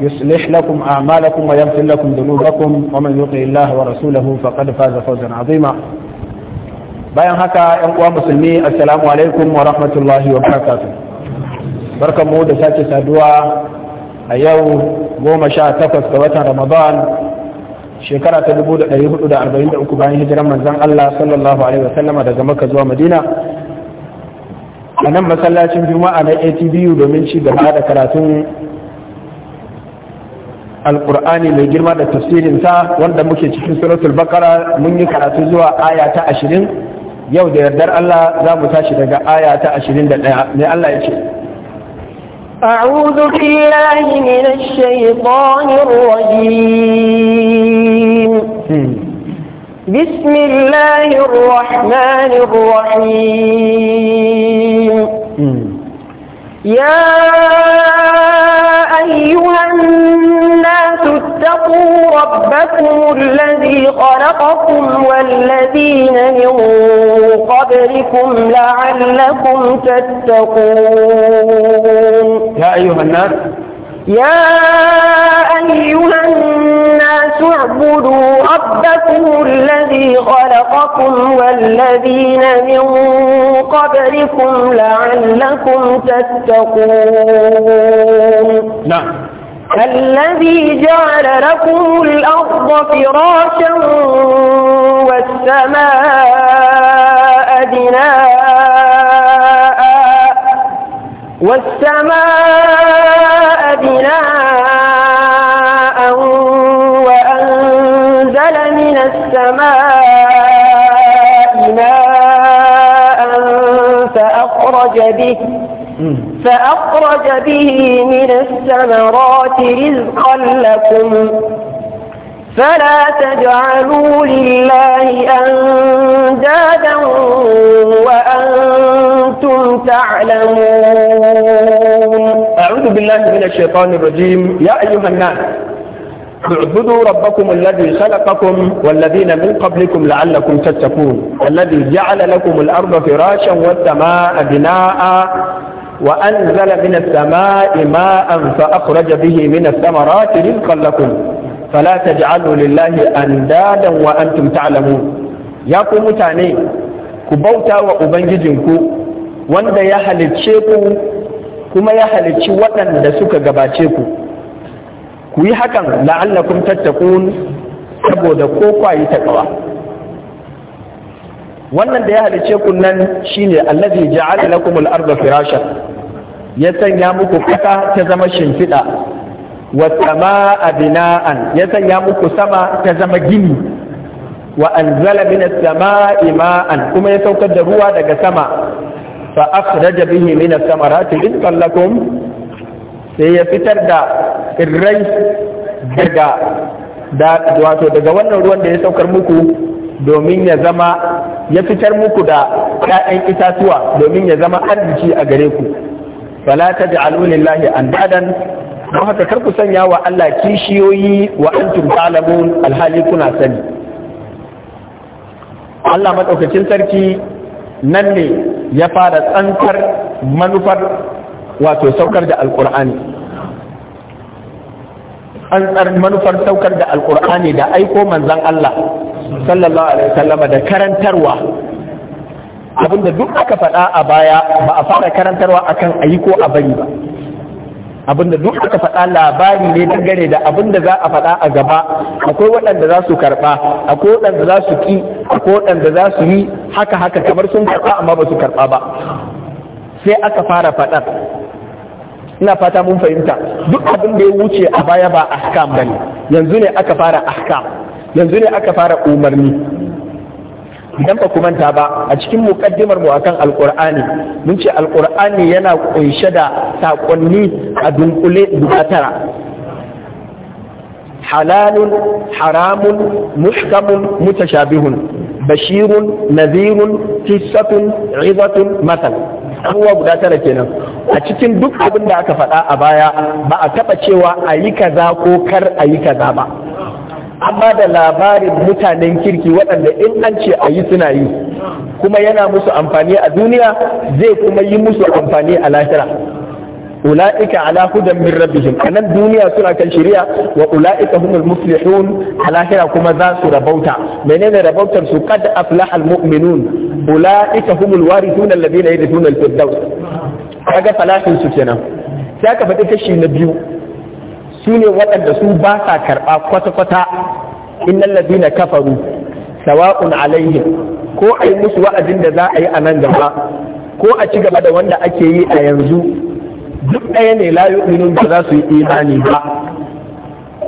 يصلح لكم أعمالكم ويغفر لكم ذنوبكم ومن يطع الله ورسوله فقد فاز فوزا عظيما bayan haka ‘yan uwa musulmi assalamu alaikum wa rahmatullahi wa barakatu barkanmu da sake saduwa a yau goma sha takwas ga watan ramadan shekara ta dubu da da da hudu arba'in uku bayan hijiran manzan Allah sallallahu alaihi wa sallama daga maka zuwa madina a nan masallacin juma'a na atbu domin ci gaba da karatun alkur'ani mai girma da tafsirinsa wanda muke cikin suratul bakara mun yi karatu zuwa aya ta ashirin yau da yardar Allah za mu tashi daga aya ta ashirin da ɗaya mai Allah ya ce أعوذ بالله من الشيطان الرجيم بسم الله الرحمن الرحيم يا أيها الناس واتقوا ربكم الذي خلقكم والذين من قبلكم لعلكم تتقون يا أيها الناس يا أيها الناس اعبدوا ربكم الذي خلقكم والذين من قبلكم لعلكم تتقون نعم الذي جعل لكم الأرض فراشا والسماء بناء والسماء بناء وأنزل من السماء ماء فأخرج به فأخرج به من الثمرات رزقا لكم فلا تجعلوا لله أندادا وأنتم تعلمون أعوذ بالله من الشيطان الرجيم يا أيها الناس اعبدوا ربكم الذي خلقكم والذين من قبلكم لعلكم تتقون الذي جعل لكم الأرض فراشا والسماء بناء wa an zala mina sama ima an fa a kura jabihi mina sama rati ril kallakun fala ta ji alulillahi an tumta alamu ya ku mutane ku bauta wa ubangijinku wanda ya halicce ku kuma ya halicci waɗanda suka gabace ku ku yi hakan la'allakun tattakun saboda ko kwayi ta ƙawa wannan da ya halice ku nan shine allazi ja'ala lakum al-ardha firashan ya sanya muku kasa ta zama shimfiɗa wa sama'a bina'an ya sanya muku sama ta zama gini wa anzala min as-sama'i ma'an kuma ya saukar da ruwa daga sama fa akhraja bihi min as-samarati rizqan lakum sai ya fitar da tsirrai daga wato daga wannan ruwan da ya saukar muku domin ya zama ya fitar muku da ‘ya'yan itatuwa domin ya zama arziki a gare ku fala ta ja'alu lillahi andadan don haka kar ku sanya wa Allah kishiyoyi wa antum ta'lamun alhali kuna sani Allah madaukakin sarki nan ne ya fara tsantar manufar wato saukar da alkur'ani tsar manufar saukar da alkur'ani da aiko manzan Allah sallallahu alaihi wasallam da karantarwa abinda duk aka faɗa a baya ba a fara karantarwa akan ayi ko a bari ba abinda duk aka faɗa labari ne dangane da abinda za a faɗa a gaba akwai waɗanda za su karɓa akwai waɗanda za su ki akwai waɗanda za su yi haka haka kamar sun karɓa amma ba su karɓa ba sai aka fara faɗar ina fata mun fahimta duk abin da ya wuce a baya ba ahkam bane yanzu ne aka fara ahkam yanzu ne aka fara umarni idan ba manta ba a cikin mukaddimar mu akan alqur'ani mun ce alqur'ani yana kunshe da sakonni a dunkule guda tara halalun haramun muhkamun mutashabihun bashirun nadhirun tisatun, izatun matal abubuwa guda tara kenan a cikin duk abin da aka faɗa a baya ba a taɓa cewa a yi kaza ko kar a yi kaza ba amma da labarin mutanen kirki waɗanda in an ce a yi suna yi kuma yana musu amfani a duniya zai kuma yi musu amfani a lahira ula'ika ala hudan min rabbihim a nan duniya suna kan shari'a wa ula'ika humul muflihun a lahira kuma za su rabauta menene rabautar su kad aflahal mu'minun ulaika humul warithun alladhina yadkhuluna al-firdaus kaga ga su kenan sai aka faɗi kashi na biyu su ne waɗanda su ba sa karɓa kwata-kwata innal ladina kafaru sawa'un alaihim ko a yi musu wa'azin da za a yi a nan gaba ko a ci gaba da wanda ake yi a yanzu duk ɗaya ne la yu'minun ba za su yi imani ba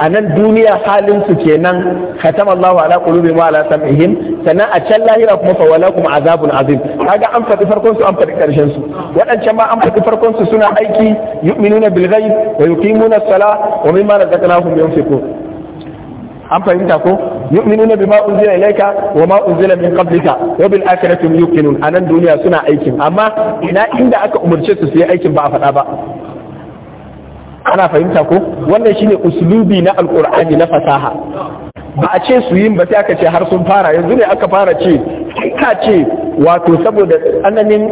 a nan duniya halinsu kenan khatama Allahu ala qulubihim wa ala sam'ihim sannan a can lahira kuma fa walakum azabun azim kaga an faɗi farkon su an faɗi karshen su waɗancan ma an faɗi farkon su suna aiki yu'minuna bil ghaib wa yuqimuna as-salah wa mimma razaqnahum yunfiqun an fahimta ko yu'minuna bima unzila ilayka wa ma unzila min qablika wa bil akhirati yuqinun anan duniya suna aikin amma ina inda aka umurce su su yi aikin ba a faɗa ba ana fahimta ko wannan shine uslubi na alqur'ani na fasaha ba a ce su yin ba sai aka ce har sun fara yanzu ne aka fara ce ka ce wato saboda tsananin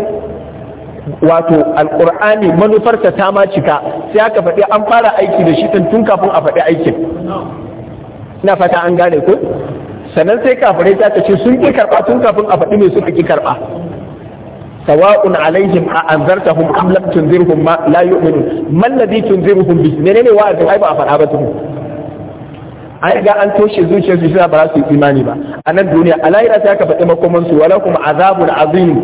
wato alqur'ani manufarsa ta ma cika sai aka faɗi an fara aiki da shi tun kafin a faɗi aikin ina fata an gane ko sannan sai kafirai ta ce sun ƙi karɓa tun kafin a faɗi mai suka ƙi karɓa sawa'un alaihim a anzartahum am lam tunzirhum ma la yu'minun man ladhi tunzirhum bi menene wa'azin ai ba a faɗa ba tukun an ga an toshe zuciyar su suna ba su yi imani ba a nan duniya a lahira sai aka faɗi makoman su wala kuma azabun azim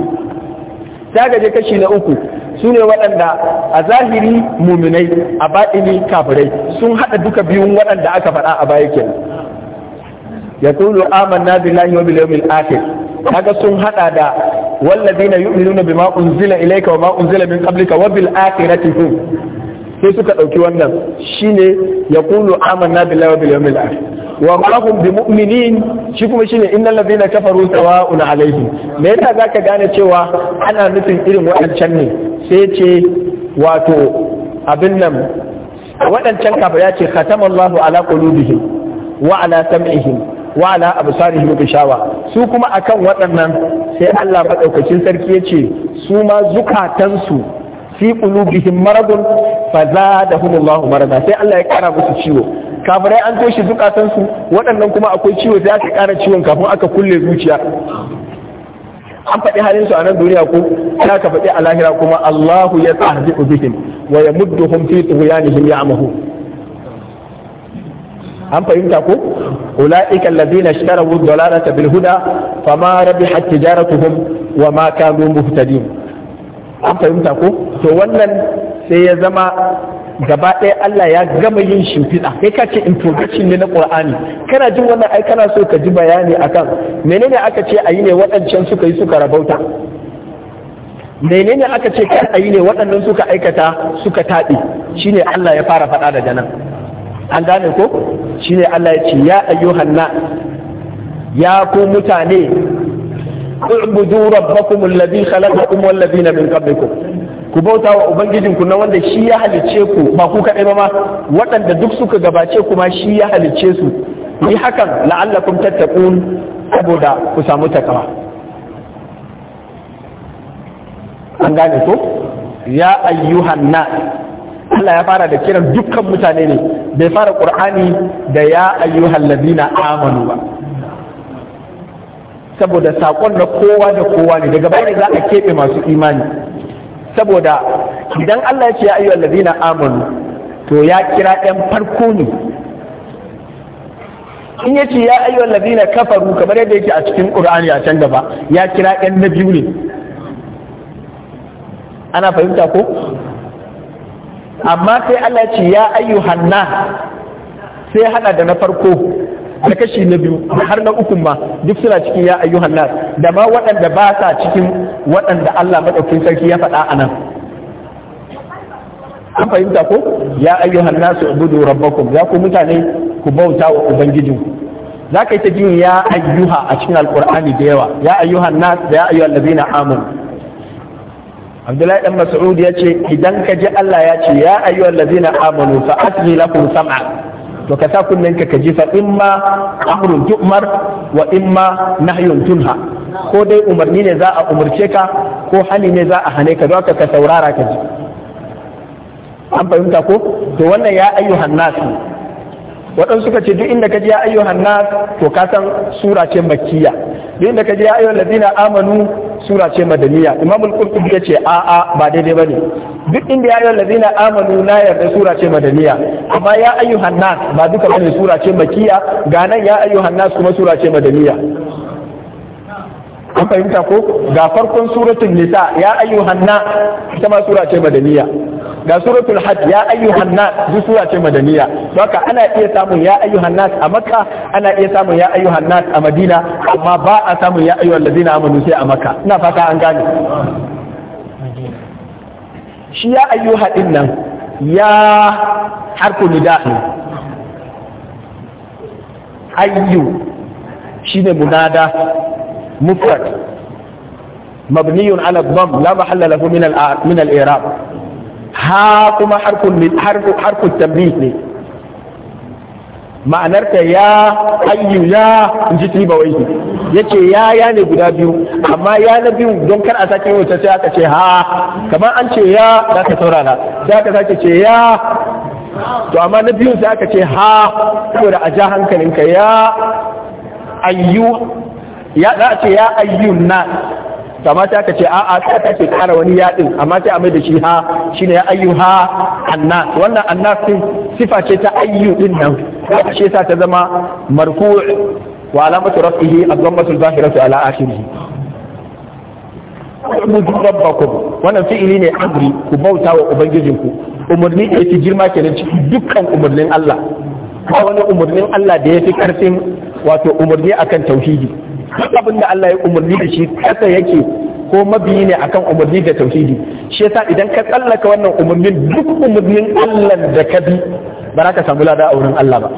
Ta gaje kashi na uku su ne waɗanda a zahiri muminai a baɗini kafirai sun haɗa duka biyun waɗanda aka faɗa a baya kenan yaqulu amanna billahi wa bil yawmil akhir kaga sun hada da wallazina yu'minuna bima unzila ilayka wa ma unzila min qablika wa bil akhirati hum sai suka dauki wannan shine yaqulu amanna billahi wa bil yawmil akhir wa ma bi mu'minin shi kuma shine innal ladina kafaru sawa'un alayhim me yasa zaka gane cewa ana nufin irin waɗancan ne sai ce wato abin nan waɗancan kafa ya ce khatamallahu ala qulubihim wa ala sam'ihim wa abu absarihim bishawa su kuma akan waɗannan sai Allah madaukakin sarki yace su ma zukatansu fi qulubihim maradun fazadahumullahu marada sai Allah ya kara musu ciwo kafirai an toshe zukatansu waɗannan kuma akwai ciwo sai aka kara ciwon kafin aka kulle zuciya an faɗi halin su a nan duniya ko ya ka faɗi a lahira kuma Allahu ya tsahdi bihim wa yamudduhum fi tughyanihim ya'mahu an fahimta ko ulaika alladhina ishtaraw ad-dalalata bil huda fama rabihat tijaratuhum wa ma kanu muhtadin an fahimta ko to wannan sai ya zama gaba ɗaya Allah ya gama yin shimfiɗa kai ka ce introduction ne na Qur'ani kana jin wannan ai kana so ka ji bayani akan menene aka ce ayi ne waɗancan suka yi suka rabauta menene aka ce kan ayi ne waɗannan suka aikata suka taɓe shine Allah ya fara faɗa da nan an gane ko ne Allah ya ce ya ayyuhan na ya ku mutane ubudu rabbakum alladhi khalaqakum wal ladina min qablikum ku bauta wa ubangijinku na wanda shi ya halicce ku ba ku kadai ba ma waɗanda duk suka gabace kuma shi ya halicce su yi hakan la'allakum tattaqun saboda ku samu takawa an gane ko ya ayyuhan nas Allah ya fara da kiran dukkan mutane ne bai fara Qur'ani da ya ayyuhal ladina amanu ba saboda sakon na kowa da kowa ne daga bayan za a keɓe masu imani saboda idan Allah ya ce ya ayyuhal ladina amanu to ya kira ɗan farko ne in ya ce ya ayyuhal ladina kafaru kamar yadda yake a cikin Qur'ani a can gaba ya kira ɗan na biyu ne ana fahimta ko amma sai Allah ce ya ayyuhan hanna sai hada da na farko da kashi na biyu har na uku ma duk suna cikin ya ayyuhan nas da ma waɗanda ba sa cikin waɗanda Allah maɗaukin sarki ya faɗa a nan an fahimta ko ya hanna su ubudu rabbakum ya ku mutane ku bauta wa ubangijinku za ka yi ta jin ya ayyuha a cikin alkur'ani da yawa ya ayyuhan nas da ya ayyuhan na amanu abdullahi dan mas'ud ya ce idan ka ji Allah ya ce ya ayyuhal ladzina amanu fa asmi lakum sam'a to ka sa kunnen ka ji fa imma amrun tu'mar wa nahyun tunha ko dai umarni ne za a umarce ka ko hani ne za a hane ka don ka saurara ka ji an fahimta ko to wannan ya ayyuhan nasu waɗansu suka ce duk inda ka ji ya ayyuhan to ka san sura ce makkiya duk inda ka ji ya ayyuhan ladina amanu sura ce madaniya imam al-qurtubi yace a a ba daidai bane duk inda ya ayyuhan ladina amanu na yarda sura ce madaniya amma ya ayyu nas ba duka bane sura ce makkiya ga nan ya ayyu nas kuma sura ce madaniya an fahimta ko ga farkon suratul nisa ya ayyu nas ita ma sura ce madaniya ga suratul hajj ya ayyuhan nas duk sura ce madaniya haka ana iya samun ya ayyuhan nas a makka ana iya samun ya ayyuhan nas a madina amma ba a samun ya ayyuhal ladina amanu sai a makka ina fata an gane shi ya ayyuha din nan ya harfu nida ne ayyu shine munada mufrad مبني على الضم لا محل له من من الاعراب ha kuma harkun tambi ne ma'anarta ya ayyu ya in ji tribawai ya ce ya ya ne guda biyu amma ya na biyu don kar a sake wuce sai aka ce ha kamar an ce ya za ka saurara sai aka sake ce ya to amma na biyu sai aka ce ha saboda a ja hankalinka ya ayyu ya za a ce ya ayyun na amma mata ka ce a'a sai ta ce kara wani yaɗin amma sai a mai da shi ha shine ya ayyuha annas wannan annas din sifa ce ta ayyu din nan shi yasa ta zama marfu' wa alamatu raf'ihi ad-dammatu zahiratu ala akhirih ubudu rabbakum wannan fi'ili ne agri ku bauta wa ubangijinku umarni da ci girma kenan cikin dukkan umarnin Allah ba wani umarnin Allah da yafi karfin wato umarni akan tauhidi duk abin da Allah ya umarni da shi kasa yake ko mabiyi ne akan umarni da tauhidi shi yasa idan ka tsallaka wannan umarnin duk umarnin Allah da ka bi ba za ka samu lada a wurin Allah ba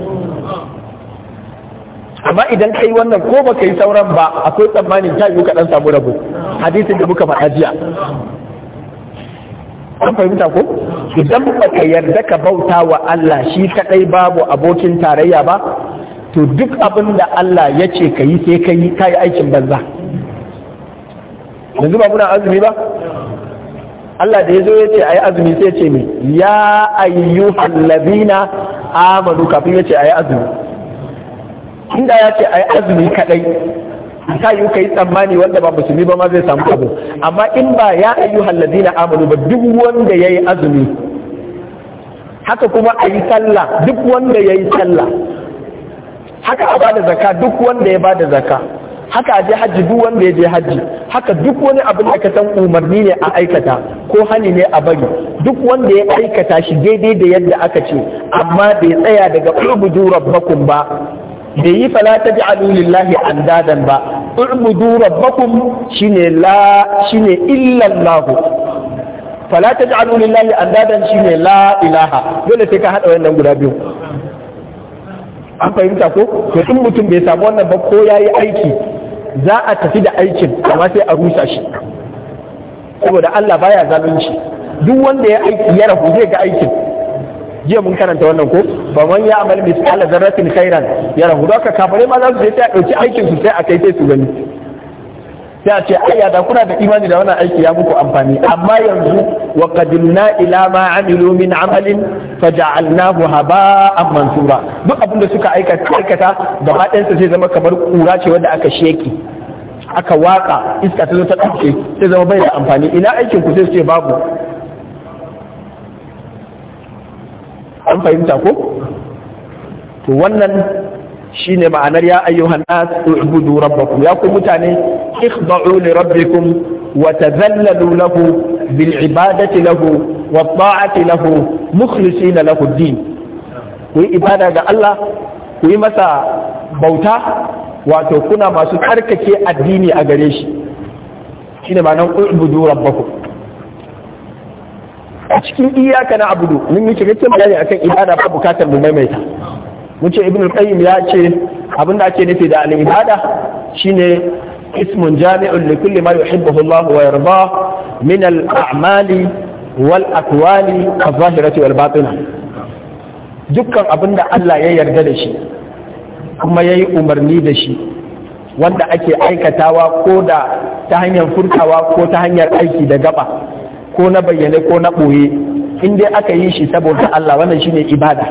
amma idan ka yi wannan ko ba ka yi sauran ba akwai tsammanin ta yiwu kaɗan samu rabo hadisin da muka faɗa jiya an fahimta ko idan ba ka yarda ka bauta wa Allah shi kadai babu abokin tarayya ba to duk abin da Allah ya ce ka yi sai ka yi ka yi aikin banza yanzu ba muna azumi ba Allah da ya zo ya ce a yi azumi sai ce mai ya ayyu hallabina amanu kafin ya ce a yi azumi inda ya ce a yi azumi kadai ta yi ka yi tsammani wanda ba musulmi ba ma zai samu abu amma in ba ya ayyu hallabina amanu ba duk wanda ya yi azumi haka kuma a yi sallah duk wanda ya yi sallah haka a bada zaka duk wanda ya bada zaka haka a je hajji duk wanda ya je hajji haka duk wani abin da ka san umarni ne a aikata ko hani ne a bari duk wanda ya aikata shi daidai da yadda aka ce amma bai tsaya daga ubudu rabbakum ba bai yi fala ta ji'alu lillahi dadan ba ubudu rabbakum shine la shine illa fala ta lillahi dadan shine la ilaha dole sai ka hada wannan guda biyu an fahimta ko to in mutum bai samu wannan ba ko yayi aiki za a tafi da aikin amma sai a rusa shi saboda Allah baya zalunci duk wanda ya aiki ya rahu zai ga aikin jiya mun karanta wannan ko ba man ya amal misal zarratin khairan ya rahu da ka kafare ma za su je sai a dauki aikin su sai a kai sai su gani sai a ce ayya da kuna da imani da wannan aiki ya muku amfani amma yanzu wa qadimna ila ma amilu min amalin faja'alnahu haba'an mansura duk abin da suka aikata aikata da ɗayansa sai zama kamar kura ce wanda aka sheki aka waka iska ta zo ta dauke sai zama bai da amfani ina aikin ku sai su ce babu an fahimta ko to wannan shine ma'anar ya ayyuhan nas ubudu rabbakum ya ku mutane اخضعوا لربكم وتذللوا له بالعبادة له والطاعة له kuyi masa bauta wato kuna masu addini a gare shi shine a cikin iyaka na abudu mun akan ibada ba bukatar mu maimaita mun ce ibnu ya ce abin da ake nufi da al shine اسم جامع لكل ما يحبه الله ويرضاه من الأعمال والأقوال الظاهرة والباطنة dukkan abin da Allah ya yarda da shi kuma ya yi umarni da shi wanda ake aikatawa ko da ta hanyar furtawa ko ta hanyar aiki da gaba ko na bayyane ko na ɓoye in dai aka yi shi saboda Allah wannan ne ibada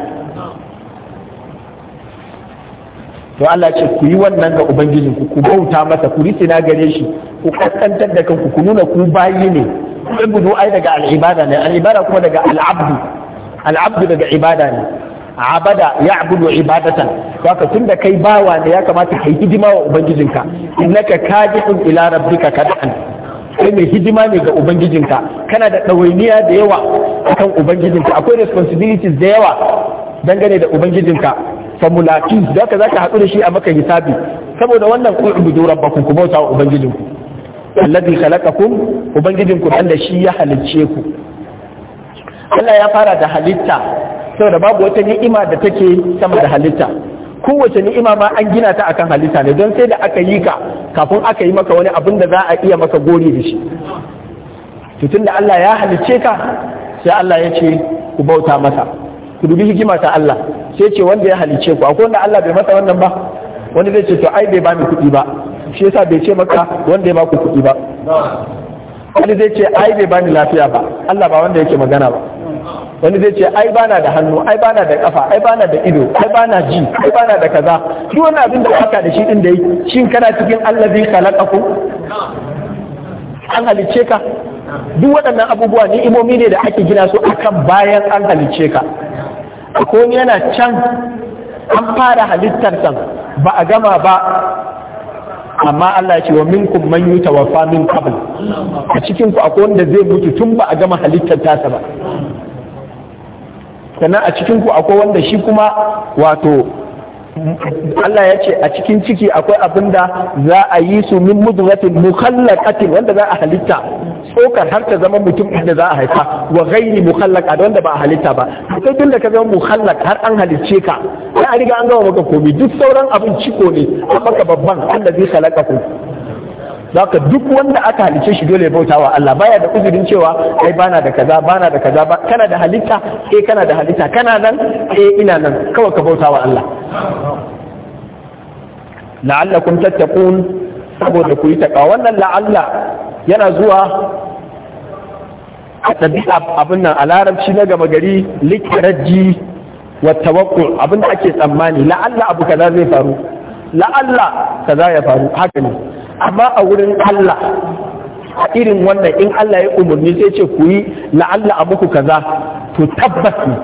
to Allah ce ku yi wannan ga ubangijin ku bauta masa ku risina gare shi ku kaskantar da kanku ku nuna ku bayi ne ku gudu ai daga al'ibada ne al'ibada kuma daga al'abdu al'abdu daga ibada ne abada ya abudu ibadatan haka tun da kai bawa ne ya kamata ka yi hidima wa ubangijinka innaka kajihun ila rabbika kad'an kai mai hidima ne ga ubangijinka kana da ɗawainiya da yawa akan ubangijinka akwai responsibilities da yawa dangane da ubangijinka famulaki da ka zaka haɗu da shi a maka hisabi saboda wannan ubudu rabbakum ku bauta wa ubangijinku alladhi khalaqakum ubangijinku Allah shi ya halicce ku Allah ya fara da halitta saboda babu wata ni'ima da take sama da halitta kowace ni'ima ma an gina ta akan halitta ne don sai da aka yi ka kafin aka yi maka wani abin da za a iya maka gori da shi to tunda Allah ya halicce ka sai Allah ya ce ku bauta masa ku dubi hikima ta Allah sai ce wanda ya halice ku akwai wanda Allah bai masa wannan ba wanda zai ce to ai bai bani kuɗi ba shi yasa bai ce maka wanda ya baku kuɗi ba wani zai ce ai bai bani lafiya ba Allah ba wanda yake magana ba wani zai ce ai bana da hannu ai bana da kafa ai bana da ido ai bana ji ai bana da kaza duk wannan abin da aka da shi din da yi shin kana cikin Allah allazi khalaqakum an halicce ka duk waɗannan abubuwa ni'imomi ne da ake gina su akan bayan an halicce ka ko yana can an fara halittar san ba a gama ba amma Allah ya ce wa minkum man yutawaffa min qabl a cikin ku akwai wanda zai mutu tun ba a gama halittar tasa ba sannan a cikin ku akwai wanda shi kuma wato Allah ya ce a cikin ciki akwai abin da za a yi su min mudghatin mukhallaqatin wanda za a halitta tsokar har ta zama mutum da za a haifa wa ghairi mukhallaqa da wanda ba a halitta ba sai tun da ka zama mukhallaq har an halicce ka sai riga an gama maka komai duk sauran abin ciko ne a maka babban Allah zai halaka ku Za ka duk wanda aka halice shi dole ya bauta wa Allah baya da uzurin cewa ai bana da kaza bana da kaza ba kana da halitta eh kana da halitta kana nan eh ina nan kawai ka bauta wa Allah la'allakum tattaqun saboda ku yi takawa wannan la'alla yana zuwa a ɗabi'a abin nan a larabci na gama gari likiraji wa tawakkul abin da ake tsammani la'alla abu kaza zai faru la'alla kaza ya faru haka ne amma a wurin Allah a irin wannan in Allah ya umarni sai ce ku yi la'alla a muku kaza to tabbas ne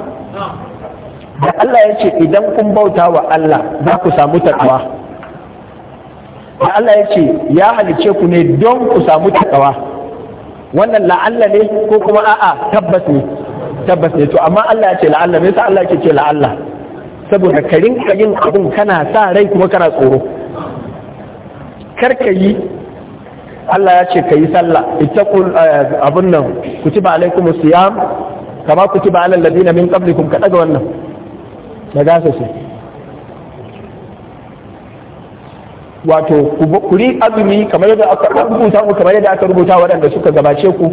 da Allah ya ce idan kun bauta wa Allah za ku samu takawa da Allah ya ce ya halice ku ne don ku samu takawa wannan la'alla ne ko kuma a'a tabbas ne tabbas ne to amma Allah ya ce la'alla me yasa Allah ya ce la'alla saboda ka rinka yin abun kana sa rai kuma kana tsoro kar ka yi Allah ya ce ka yi sallah kun eh, abun nan kutiba alaikumus siyam kama kutiba alal ladina min qablikum ka daga wannan da gasa wato ku ri azumi kamar yadda aka rubuta ku kamar yadda aka rubuta waɗanda suka gabace ku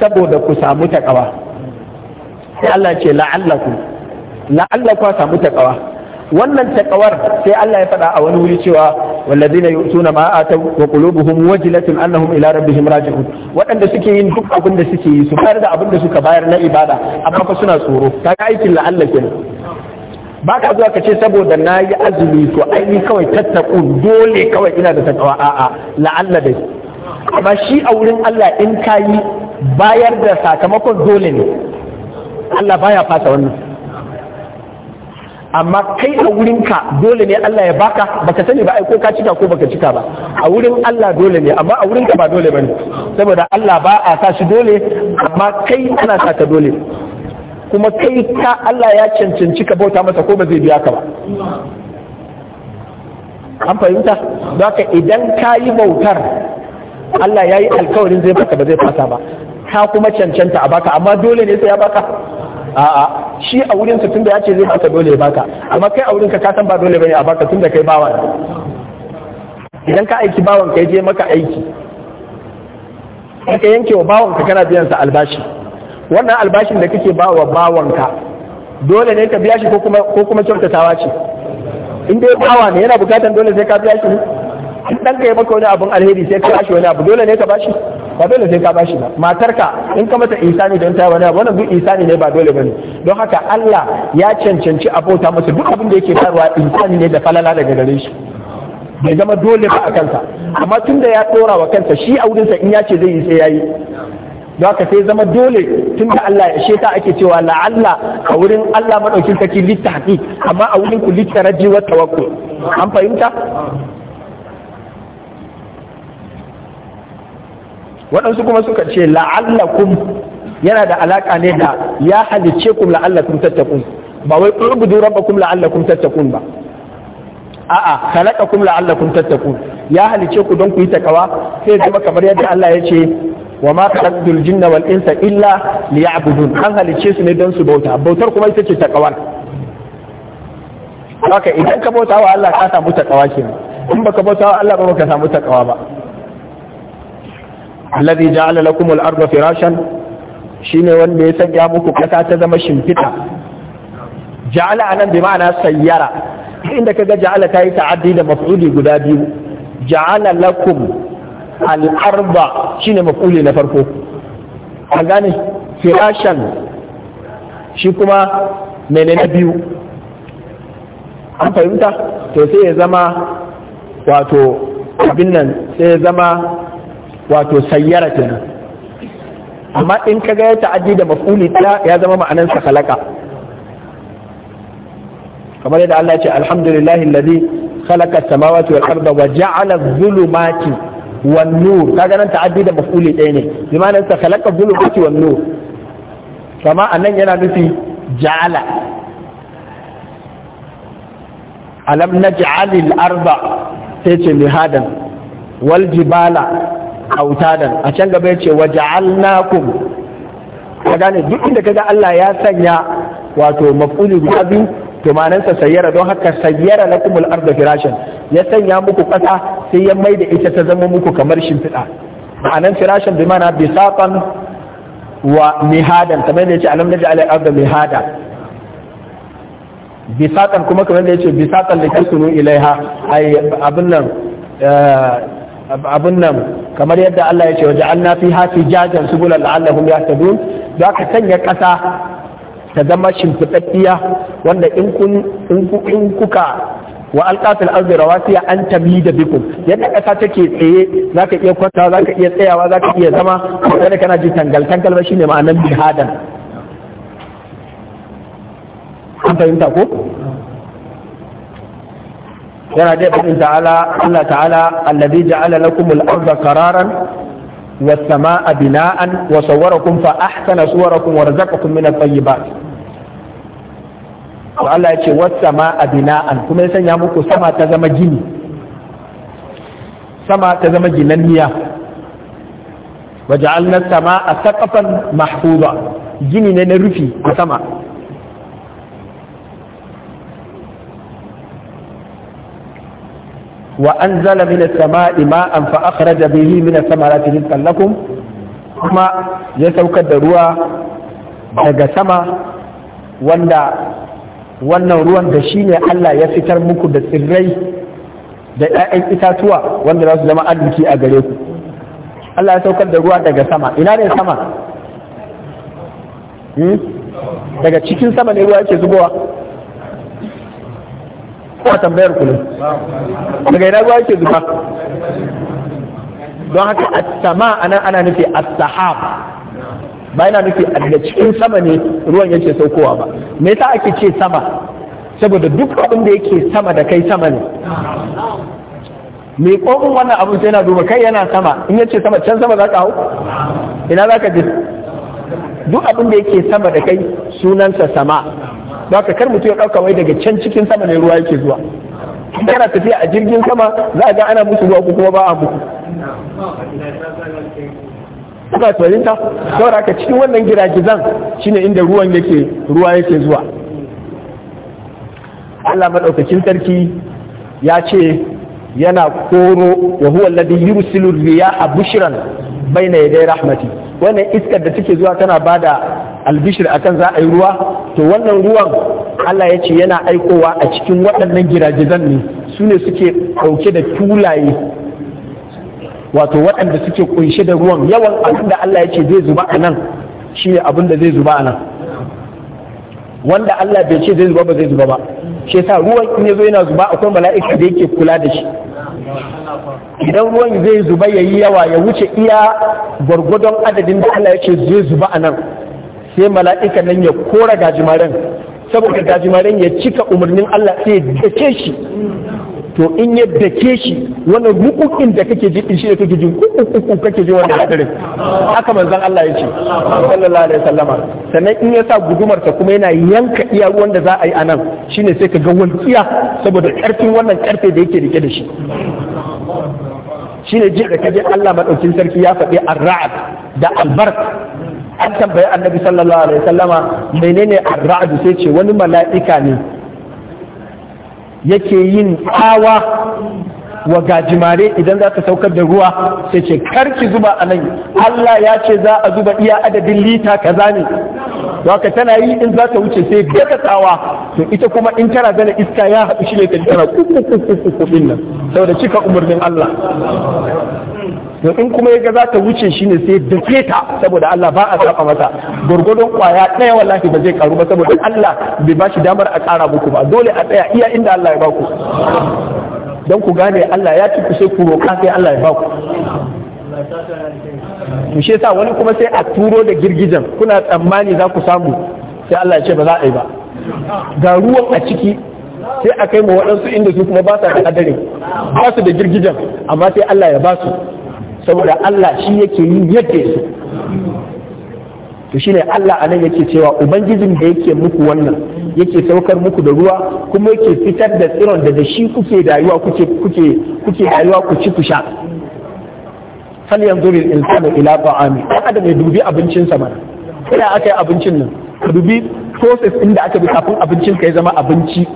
saboda ku samu takawa sai Allah ce la'allaku la'allaku samu takawa wannan takawar sai Allah ya faɗa a wani wuri cewa wallazina yu'tuna ma ataw wa qulubuhum wajilatun annahum ila rabbihim raji'un waɗanda suke yin duk abin da suke yi su bayar da abin da suka bayar na ibada amma fa suna tsoro kaga aikin la'alla kenan ba ka zuwa ka ce saboda na yi azumi to aini kawai tattaku dole kawai ina da takawa a'a la'alla dai amma shi a wurin Allah in ka yi bayar da sakamakon dole ne Allah baya fasa wannan amma kai a wurinka dole ne Allah ya baka baka sani ba ai ko ka cika ko baka cika ba a wurin Allah dole ne amma a wurinka ba dole bane saboda Allah ba a sa shi dole amma kai ana sa ka dole kuma kai ka Allah ya cancanci ka bauta masa ko ba zai biya ka ba an fahimta haka idan ka yi bautar Allah ya yi alkawarin zai baka ba zai fasa ba ka kuma cancanta a baka amma dole ne sai ya baka a'a shi a wurin sa tunda ya ce zai baka dole ya baka amma kai a wurin ka ka san ba dole bane a baka tunda kai bawan idan ka aiki bawan ka je maka aiki ka yanke wa bawan ka kana biyan sa albashi wannan albashin da kake ba wa bawan ka dole ne ka biya shi ko kuma ko kuma kyautatawa ce in dai bawa ne yana bukatan dole sai ka biya shi in ka yi maka wani abun alheri sai ka bashi wani abu dole ne ka bashi ba dole sai ka bashi ba matarka in ka mata isani don ta wani abu wannan duk isani ne ba dole bane don haka Allah ya cancanci abota masa duk abin da yake faruwa isani ne da falala daga gare shi bai zama dole ba a kansa amma tunda ya tsora wa kansa shi a wurinsa in ya ce zai yi sai yayi yi don haka sai zama dole tun da Allah ya sheta ake cewa la'alla a wurin Allah madaukin sarki littafi amma a wurin ku littaraji wa tawakkul an fahimta waɗansu kuma suka ce la'allakum yana da alaƙa ne da ya halicce kum la'allakum tattakun ba wai ubudu rabbakum la'allakum tattakun ba a'a khalaqakum la'allakum tattakun ya halicce ku don ku yi takawa sai zama kamar yadda Allah ya ce wa ma khalaqtul jinna wal insa illa liya'budun an halicce su ne don su bauta bautar kuma ita ce takawar haka idan ka bauta wa Allah ka samu takawa kenan in baka bauta wa Allah ba ka samu takawa ba alladhi ja'ala lakum al-ardha firashan shine wanda ya sanya muku kasa ta zama shimfita ja'ala anan bi ma'ana sayyara inda kaga ja'ala ta yi ta'addi da maf'uli guda biyu ja'ala lakum al-arba shine maf'uli na farko an gane firashan shi kuma menene biyu an fahimta to sai ya zama wato abin nan sai ya zama wato sayyara kenan amma in kaga ya ta'addi da maf'uli ta ya zama ma'anar sa kamar yadda Allah ya ce alhamdulillahi alladhi khalaqa as-samawati wal arda wa ja'ala adh-dhulumati wan nur kaga nan ta'addi da maf'uli ɗaya ne bi ma'anar sa khalaqa adh-dhulumati wan nur kama anan yana nufi ja'ala alam naj'alil arda sai ce mihadan wal jibala autadan a can gaba yace waja'alnakum ka gane duk inda kaga Allah ya sanya wato maf'ulu bi abi to sa sayyara don haka sayyara lakumul ardh firashan ya sanya muku kasa sai ya maida ita ta zama muku kamar shimfiɗa ma'anan firashan bi mana saqan wa mihadan kamar da yace alam naj'al al ardh mihada saqan kuma kamar da yace saqan da kasunu ilaiha ai abin nan eh, abin nan kamar yadda Allah ya ce waje an fi hafi jajan subulan la'allahum yahtadun za ka sanya ƙasa ta zama shimfiɗaɗɗiya wanda in kun kuka wa alqatil ardi rawasiya an da bikum yadda ƙasa take tsaye za ka iya kwanta za ka iya tsayawa za ka iya zama kada kana ji tangal tangal ba shine ma'anar hadan. an fahimta ko yana da faɗin ta'ala Allah ta'ala alladhi ja'ala lakum al-ardha qararan was samaa bina'an wa sawwarakum fa ahsana suwarakum wa razaqakum min at-tayyibat to Allah ya ce was samaa bina'an kuma ya sanya muku sama ta zama gini sama ta zama ginanniya wa ja'alna as-samaa saqafan mahfuza gini ne na rufi a sama وأنزل من السماء ماء فأخرج به من الثمرات رزقا لكم ثم يسوك الدروة daga sama wanda wannan ruwan da shi ne Allah ya fitar muku da tsirrai da 'ya'yan itatuwa wanda za su zama arziki a gare ku Allah ya saukar da ruwa daga sama ina ne sama daga cikin sama ne ruwa yake zubowa A tambayar ku ne daga ina ruwa yake zuba don haka a sama anan ana nufi as-sahab ba yana nufi daga cikin sama ne ruwan yake saukowa ba me yasa ake ce sama saboda duk abin da yake sama da kai sama ne me kofin wannan abu sai na duba kai yana sama in yace sama can sama za ka hau ina za ka je duk abin da yake sama da kai sunansa sama Da aka kar mutum ya ɗauka wai daga can cikin sama ne ruwa yake zuwa tun kana tafiya a jirgin sama za a ga ana musu ruwa ko kuma ba a muku kuka tsorinta saboda haka cikin wannan giragizan shine inda ruwan yake ruwa yake zuwa Allah maɗaukacin sarki ya ce yana koro wa huwa alladhi yursilu riyaha bushran baina yaday rahmati wannan iskar da take zuwa tana bada albishir akan za a yi ruwa to wannan ruwan Allah ya ce yana aikowa a cikin waɗannan girajizan ne su ne suke ɗauke da tulaye wato waɗanda suke kunshe da ruwan yawan abin da Allah ya ce zai zuba a nan shi ne abin da zai zuba a nan wanda Allah bai ce zai zuba ba zai zuba ba shi sa ruwan in ya zo yana zuba akwai mala'ika da yake kula da shi idan ruwan zai zuba ya yi yawa ya wuce iya gwargwadon adadin da Allah ya ce zai zuba a nan sai mala'ika nan ya kora gajimaren saboda gajimaren ya cika umarnin Allah sai dake shi to in ya dake shi wannan rukukin da kake ji shi da kake ji kukuku kake ji wannan hadari haka manzon Allah ya ce sallallahu alaihi wasallama sannan in ya sa gudumar ta kuma yana yanka iya ruwan da za a yi anan shine sai ka ga walƙiya saboda karfin wannan karfe da yake rike da shi shine ji da kaje Allah madaukin sarki ya faɗi ar-ra'd da albark an tambayi annabi sallallahu alaihi wasallama menene ar-ra'd sai ce wani mala'ika ne yake yin tsawa wa gajimare idan za ta saukar da ruwa sai ce kar zuba a nan Allah ya ce za a zuba iya adadin lita kaza ne to haka tana yi in za ta wuce sai tsawa to ita kuma in tana gane iska ya haɗu shi ne ta tana kukukukukukin ya ga za wuce shi ne sai da ba a masa ɗaya ba zai karu ba saboda Allah bai bashi damar a ƙara ba dole a tsaya iya inda Allah ya don ku gane Allah ya ci ku sai ku sai Allah ya baku. ku to shi yasa wani kuma sai a turo da girgijan kuna tsammani za ku samu sai Allah ya ce ba za a yi ba ga ruwan a ciki sai a kai ma waɗansu inda su kuma ba sa da kadarin ba su da girgijan amma sai Allah ya ba su saboda Allah shi yake yin yadda su to shine Allah anan yake cewa ubangijin da yake muku wannan yake saukar muku da ruwa kuma yake fitar da tsiron da da shi kuke rayuwa kuke kuke kuke rayuwa ku ci ku sha fal yanzur al insanu ila ta'ami adam ya dubi abincin sa mana ina aka abincin nan ka dubi process din da aka bi kafin abincin ka ya zama abinci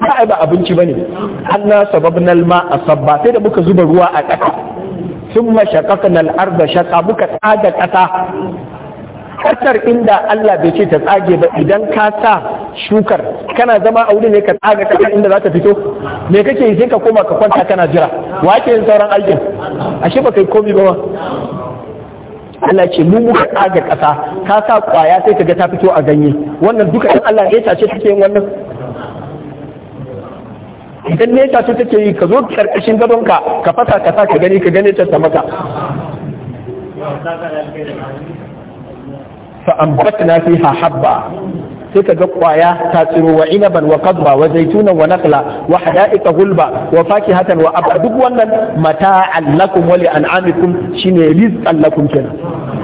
ba ai ba abinci bane anna sababna al ma'a sabba sai da muka zuba ruwa a ƙasa thumma shaqaqna al arda shaqa muka tsaga ƙasa kasar inda Allah bai ce ta tsage ba idan ka sa shukar kana zama a wuri ne ka tsaga kasar inda za ta fito me kake yi sai ka koma ka kwanta kana jira wa ke yin sauran aikin ashe ba kai komi ba Allah ce mu muka tsaga kasa ka sa kwaya sai ka ga ta fito a ganye wannan duka in Allah ya tace take yin wannan idan ne ta take yi ka zo karkashin gadonka ka fasa ka sa ka gani ka gane ta maka fa ambatna fiha habba sai ka ga kwaya ta tsiro wa inaban wa qadba wa zaitunan wa naqla wa hada'iqa gulba wa fakihatan wa abba duk wannan mata'an lakum wa li'an'amikum shine rizqan lakum kenan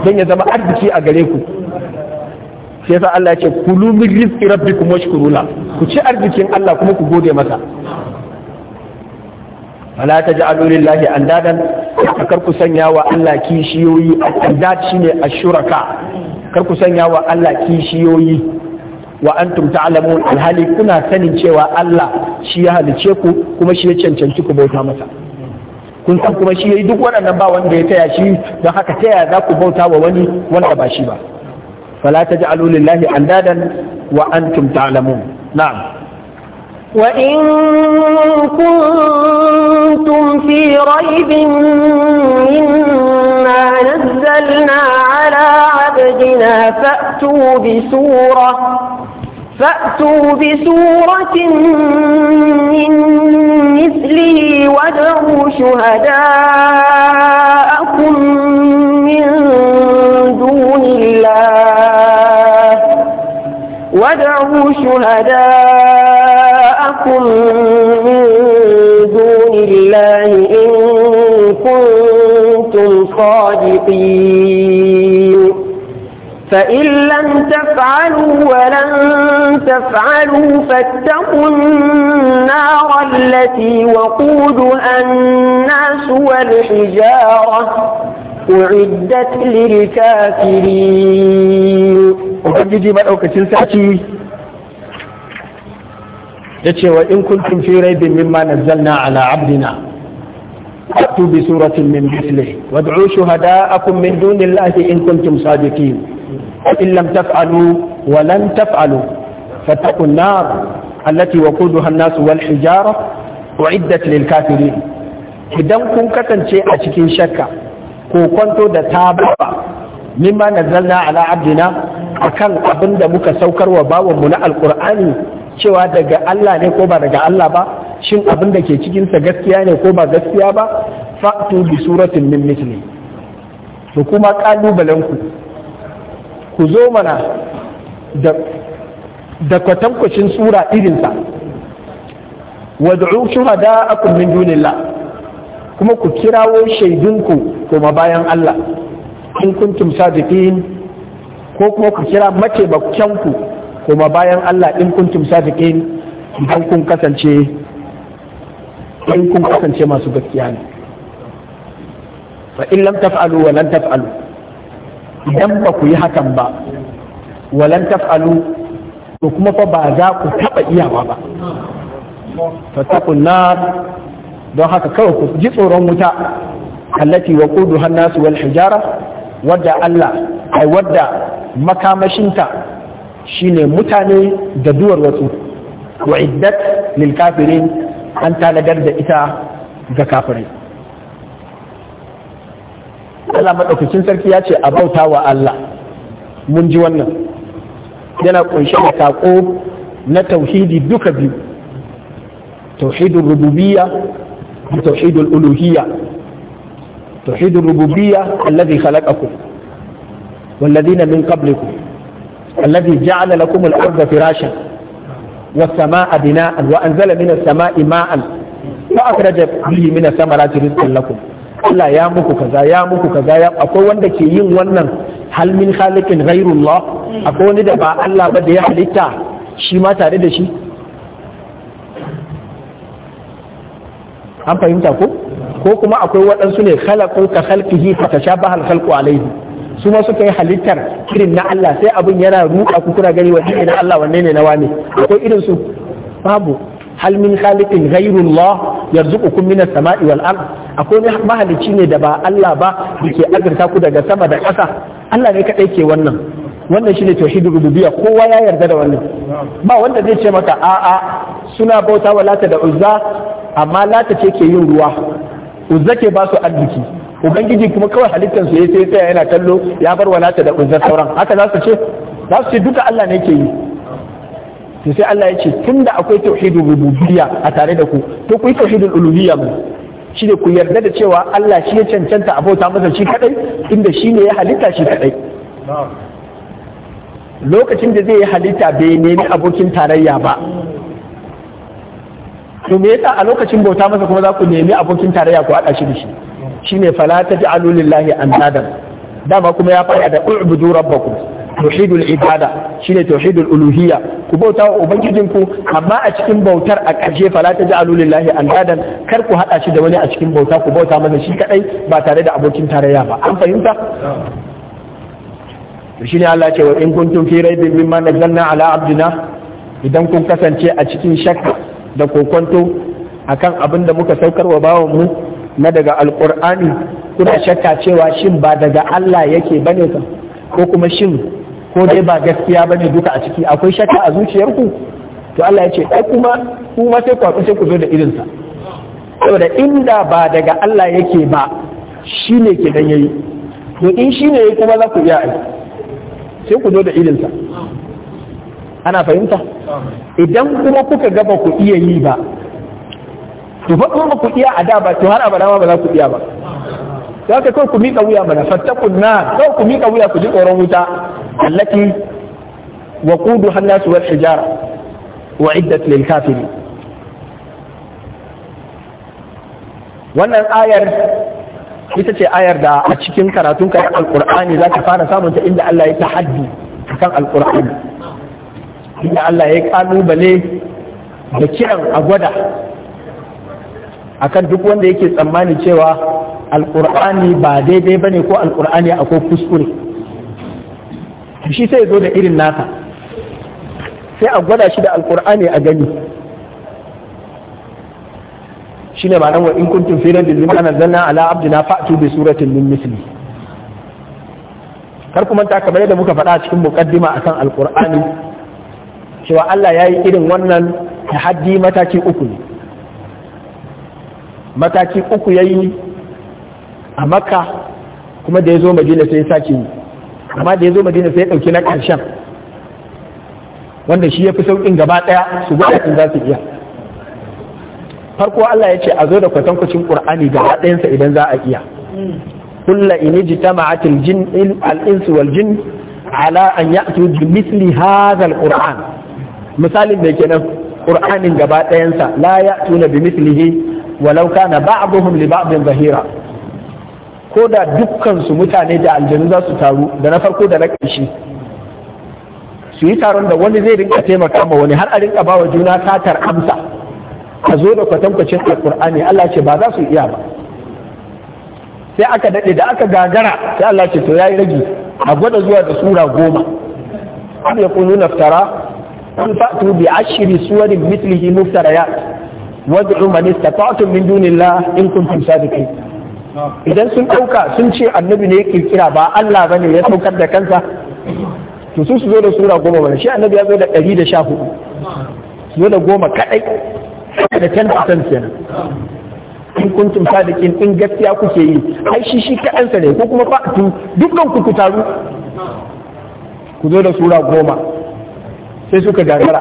dan ya zama arziki a gare ku sai Allah ya ce kulu min rizqi rabbikum washkuru la ku ci arzikin Allah kuma ku gode masa wala taj'alu lillahi andadan kar ku sanya wa Allah kishiyoyi andad shine ashuraka kar ku sanya wa Allah kishiyoyi wa antum ta'lamun alhali kuna sanin cewa Allah shi ya halice ku kuma shi ya cancanci ku bauta masa kun san kuma shi yayi duk waɗannan ba wanda ya taya shi don haka taya za ku bauta wa wani wanda ba shi ba fala taj'alu lillahi andadan wa antum ta'lamun na'am وإن كنتم في ريب مما بسورة فأتوا بسورة من مثله وادعوا شهداءكم من دون الله وادعوا شهداءكم من دون الله إن كنتم صادقين فإن لم تفعلوا ولن تفعلوا فاتقوا النار التي وقودها الناس والحجارة أعدت للكافرين وبجدي مدعوك تنساتي yace wa in kuntum fi raibin mimma nazzalna ala فأتوا بسورة من مثله وادعوا شهداءكم من دون الله إن كنتم صادقين فإن لم تفعلوا ولن تفعلوا فاتقوا النار التي وقودها الناس والحجارة أعدت للكافرين idan kun kasance a cikin shakka ko kwanto da taba mimma nazzalna ala akan abin da muka saukar wa bawanmu na alkur'ani cewa daga Allah ne ko ba daga Allah ba shin abin da ke cikinsa gaskiya ne ko ba gaskiya ba fa'tu bi suratin min misli to kuma ƙalubalenku ku zo mana da da kwatankwacin sura irinsa wad'u shuhada'akum min dunillah kuma ku kirawo shaidunku kuma bayan Allah in kuntum sadiqin ko kuma ku kira mataimakanku kuma bayan Allah in kuntum sadiqin idan kun kasance in kun kasance masu gaskiya ne fa in taf'alu wa lan taf'alu idan ba ku yi hakan ba wa lan taf'alu to kuma fa ba za ku taba iyawa ba fa takun don haka kawai ku ji tsoron wuta allati wa quduha nasu wal hijara wadda Allah ai wadda makamashinta shine mutane da duwar wasu wa'iddat lil kafirin an tanadar da ita ga kafirai Allah maɗaukacin sarki ya ce a bauta wa Allah mun ji wannan yana ƙunshe da saƙo na tauhidi duka biyu Tauhidin rububiyya da tauhidul uluhiyya tauhidul rububiyya allazi khalaqakum والذين من قبلكم الذي جعل لكم الأرض فراشا والسماء بناء وأنزل من السماء ماء فأخرج به من الثمرات رزقا لكم Allah ya muku kaza ya muku kaza akwai wanda ke yin wannan hal min khaliqin ghairullah akwai wani da ba Allah ba da ya halitta shi ma tare da shi an fahimta ko ko kuma akwai waɗansu ne khalaqu ka khalqihi fa tashabaha al khalqu alayhi su ma suka yi halittar irin na Allah sai abin yana ruɗa ku kuna gani wanne ne na Allah wanne ne na wane akwai irin su babu hal min khaliqin ghayrullah yarzuqukum minas sama'i wal ard akwai ne mahalicci ne da ba Allah ba yake azurta ku daga sama da ƙasa Allah ne kadai ke wannan wannan shine tauhidul rububiyya kowa ya yarda da wannan ba wanda zai ce maka a'a suna bauta wa lata da uzza amma lata ce ke yin ruwa uzza ke ba su arziki ubangiji kuma kawai halittar su sai sai yana kallo ya bar walata da kunzar sauran haka za su ce za su ce duka Allah ne ke yi to sai Allah ya ce tun da akwai tauhidul rububiyya a tare da ku to ku yi tauhidul uluhiyya mu shi ne ku yarda da cewa Allah shi ya cancanta a bauta masa shi kadai inda shi ne ya halitta shi kadai lokacin da zai yi halitta bai nemi abokin tarayya ba to me yasa a lokacin bauta masa kuma za ku nemi abokin tarayya ku haɗa shi da shi shine fala taj'alu lillahi andadan dama kuma ya fara da ubudu rabbakum tauhidul ibada shine tauhidul uluhiyya ku bauta wa ubangijinku amma a cikin bautar a ƙarshe fala taj'alu lillahi andadan kar ku hada shi da wani a cikin bauta ku bauta masa shi kadai ba tare da abokin tarayya ba an fahimta shi Allah ce wa in kuntum fi raibin mimma nazzalna ala abdina idan kun kasance a cikin shakka da kokonto akan abin da muka saukar wa bawan mu na daga alkur'ani kuna shakka cewa shin ba daga Allah yake bane ka ko kuma shin ko dai ba gaskiya bane duka a ciki akwai shakka a zuciyarku to Allah ya ce ai kuma kuma sai ku sai ku zo da irinsa saboda inda ba daga Allah yake ba shine ke dan yayi to in shine yayi kuma za ku iya ai sai ku zo da irinsa ana fahimta idan kuma kuka gaba ku iya yi ba to fa ku iya a da ba to har abada ma ba za ku iya ba Ya ka kai ku miƙa wuya mana fattakun na kai ku miƙa wuya ku ji tsoron wuta allati wa qudu hannasu wal hijara wa iddat lil wannan ayar ita ce ayar da a cikin karatun kai alqur'ani za fara samun ta inda Allah ya tahaddi akan alqur'ani inda Allah ya kalubale da kiran a gwada akan duk wanda yake tsammani cewa alkur'ani ba daidai bane ko alkur'ani akwai kuskure shi sai zo da irin nasa sai a gwada shi da alkur'ani a gani shine ma'anar wa in kuntum fi raddin mimma nazzalna ala abdina fa'tu bi suratin min misli kar kuma ta kamar yadda muka faɗa a cikin mukaddima akan alkur'ani cewa Allah ya yi irin wannan tahaddi mataki uku ne mataki uku ya yi a makka kuma da ya zo madina sai ya sake yi amma da ya zo madina sai ya ɗauki na ƙarshen wanda shi ya fi sauƙin gaba ɗaya su gwada in za su iya farko Allah ya ce a zo da kwatankwacin ƙur'ani gaba ɗayansa idan za a iya kulla in ta al-jin al'insu wal jin ala an ya bi ji misli hazal ƙur'an misalin da kenan ƙur'anin gaba ɗayansa la tuna bi mislihi walau kana ba'dhum li ba'dhin zahira ko da dukkansu mutane da aljanu za su taru da na farko da na ƙarshe su yi taron da wani zai rinka taimaka ma wani har a rinka bawa juna satar amsa a zo da kwatankwacin alkur'ani Allah ce ba za su iya ba sai aka daɗe da aka gagara sai Allah ce to ya yi rage a gwada zuwa da sura goma am ya kunu naftara an fa'tu bi ashri suwarin mithlihi muftarayat wad'u man istata'tum min dunillah in kuntum sadiqin idan sun ɗauka sun ce annabi ne ya kirkira ba Allah bane ya saukar da kansa to su su zo da sura goma bane shi annabi ya zo da ɗari da sha hudu su zo da goma kaɗai da ten percent kenan in kuntum sadiqin in gaskiya kuke yi ai shi shi kaɗansa ne ko kuma fa'atu dukkan ku taru ku zo da sura goma sai suka gagara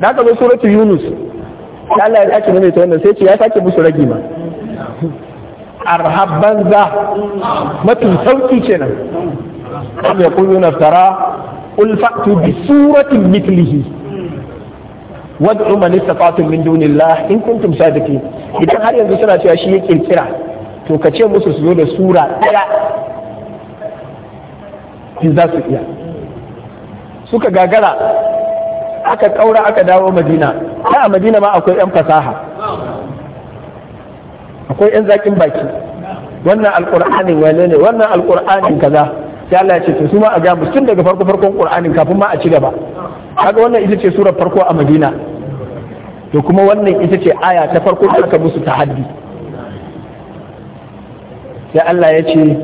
na zo suratu yunus sai Allah ya sake mai ta wannan sai ce ya sake musu ragi ma arhab banza mafi sauki kenan am yaquluna tara qul fa'tu bi suratin mithlihi wad'u man istata'tum min dunillah in kuntum sadiqin idan har yanzu suna cewa shi ya kirkira to ka ce musu su zo da sura daya in za su iya suka gagara aka ƙaura aka dawo madina ta a madina ma akwai 'yan fasaha akwai 'yan zaƙin baki wannan Alƙur'ani wane ne wannan alƙur'anin kaza sai Allah ya ce su ma a ga tun daga farko farkon ƙur'anin kafin ma a ci gaba kaga wannan ita ce surar farko a madina to kuma wannan ita ce aya ta farko da aka musu tahaddi sai Allah ya ce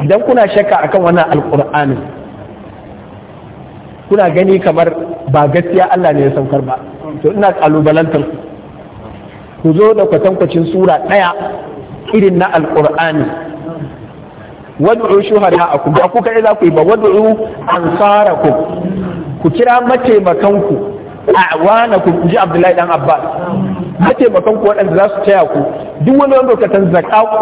idan kuna shakka akan wannan alƙur'anin kuna gani kamar ba gaskiya Allah ne ya saukar ba to ina kalubalantar ku zo da kwatankwacin sura ɗaya irin na alƙur'ani wad'u shuhada'akum ba ku kai za ku yi ba wad'u ansarakum ku kira mataimakanku a'wanakum ji Abdullahi dan Abbas ku waɗanda za su taya ku duk wani wanda ka tan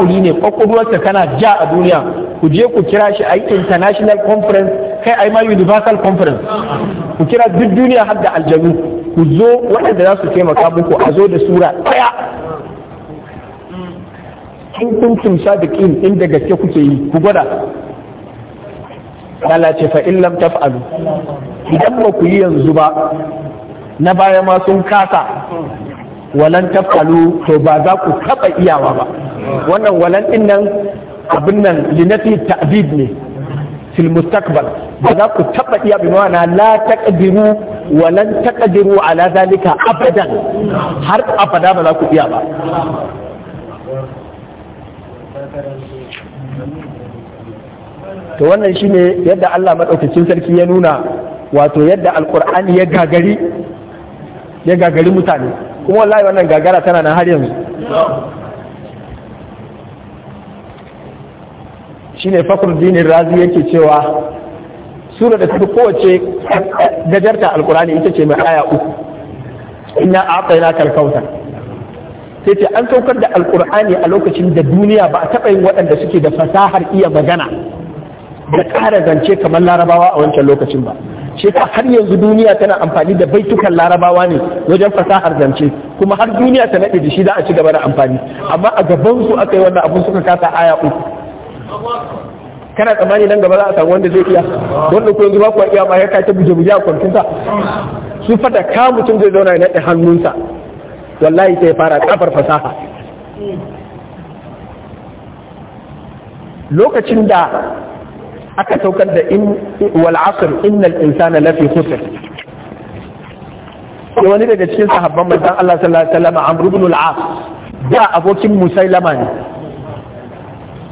kuli ne kwakwalwarsa kana ja a duniya ku je ku kira shi a international conference kai a ma universal conference ku kira duk duniya har da aljanu ku zo waɗanda za su taimaka muku a zo da sura ɗaya in kuntum sadiqin in da gaske kuke yi ku gwada Allah ce fa in lam taf'alu idan ba ku yi yanzu ba na baya ma sun kasa walan taf'alu to ba za ku taba iyawa ba wannan walan din nan abin nan linati ta'bid ne fil mustaqbal ba za ku taba iya bi ma'ana la taqdiru wa lan taqdiru ala zalika abadan har abada ba za ku iya ba to wannan shine yadda Allah madaukakin sarki ya nuna wato yadda alqur'ani ya gagari ya gagari mutane kuma wallahi wannan gagara tana nan har yanzu shine fakhruddin razi yake cewa sura da tafi kowace gajarta alkurani ita ce mai aya uku inna a'tayna kal kautar sai ce an saukar da alkur'ani a lokacin da duniya ba a taɓa yin waɗanda suke da fasahar iya magana da ƙara zance kamar larabawa a wancan lokacin ba shi har yanzu duniya tana amfani da baitukan larabawa ne wajen fasahar zance kuma har duniya ta naɗe da shi za a ci gaba da amfani amma a gaban su aka yi wannan abun suka kasa aya uku kana tsammani nan gaba za a samu wanda zai iya wanda ko yanzu ba iya ba ya kai ta buje-buje a kwantinsa su fata ka mutum zai zauna na naɗe hannunsa wallahi sai fara kafar fasaha lokacin da aka saukar da in wal asr innal insana lafi khusr ya wani daga cikin sahabban manzon Allah sallallahu alaihi wasallam Amr ibn al-As da abokin Musailama ne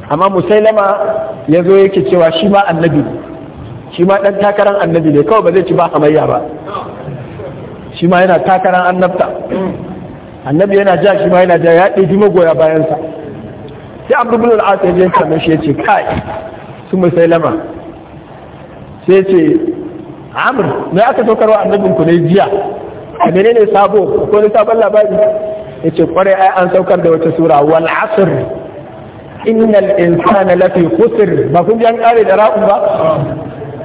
amma musailama ya zo yake cewa shi ma annabi shi ma ɗan takarar annabi ne kawai ba zai ci ba hamayya ba shi ma yana takarar annabta annabi yana ja shi ma yana ja ya ɗaiji magoya bayansa sai abdul al'as ya je kamar shi ya ce kai su musailama sai ce amur me aka saukarwa annabin ku ne jiya a menene sabo ko ne sabon labari ya ce kwarai ai an saukar da wata sura wal asr innal insana lafi khusr ba kun ji an kare da ra'un ba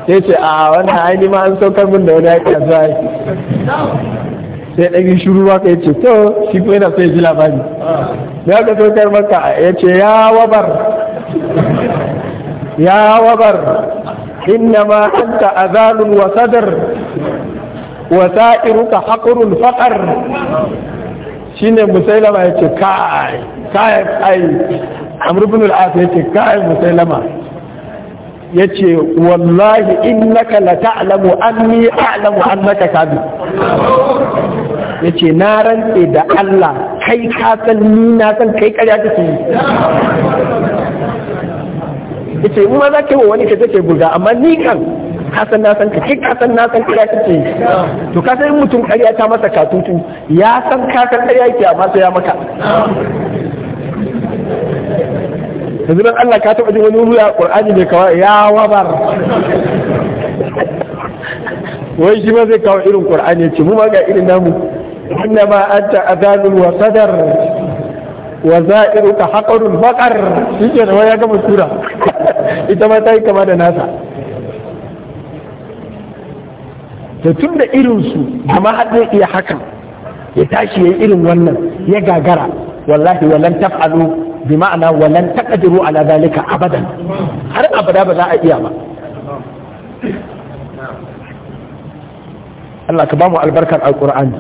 sai ce a wannan aini ma an saukar min da wani aiki a zuwa sai ɗan shuru maka ya ce to shi kuma yana so ya ji labari ya ka saukar maka ya ce ya wabar ya wabar inna ma anta azalun wa sadar wa sa'iruka haqrul faqar shine musailama ya ce kai kai kai amr ibn al-as yace kai musailama yace wallahi innaka la ta'lamu anni a'lamu annaka Ya yace na rantse da Allah kai ka san ni na san kai ƙarya kake yi yace in ma za ka wa wani ka take buga amma ni kan ka san na san ka kai ka san na san ƙarya kake to ka san mutum karya ta masa katutu ya san ka san ƙarya yake amma sai ya maka yanzu don Allah ka taɓa jin wani ruya qur'ani mai kawai ya wabar wai shi ma zai kawo irin ƙur'ani ce mu ma ga irin namu inna ma anta adanun wa sadar wa ka haƙarun baƙar shi ke da ya gama sura ita ma ta yi kama da nasa da tun da irinsu da ma haɗin iya hakan ya tashi ya yi irin wannan ya gagara wallahi wallan taf'alu bi ma'ana walan taqdiru ala zalika abadan har abada ba za a iya ba Allah ka bamu albarkar alqur'ani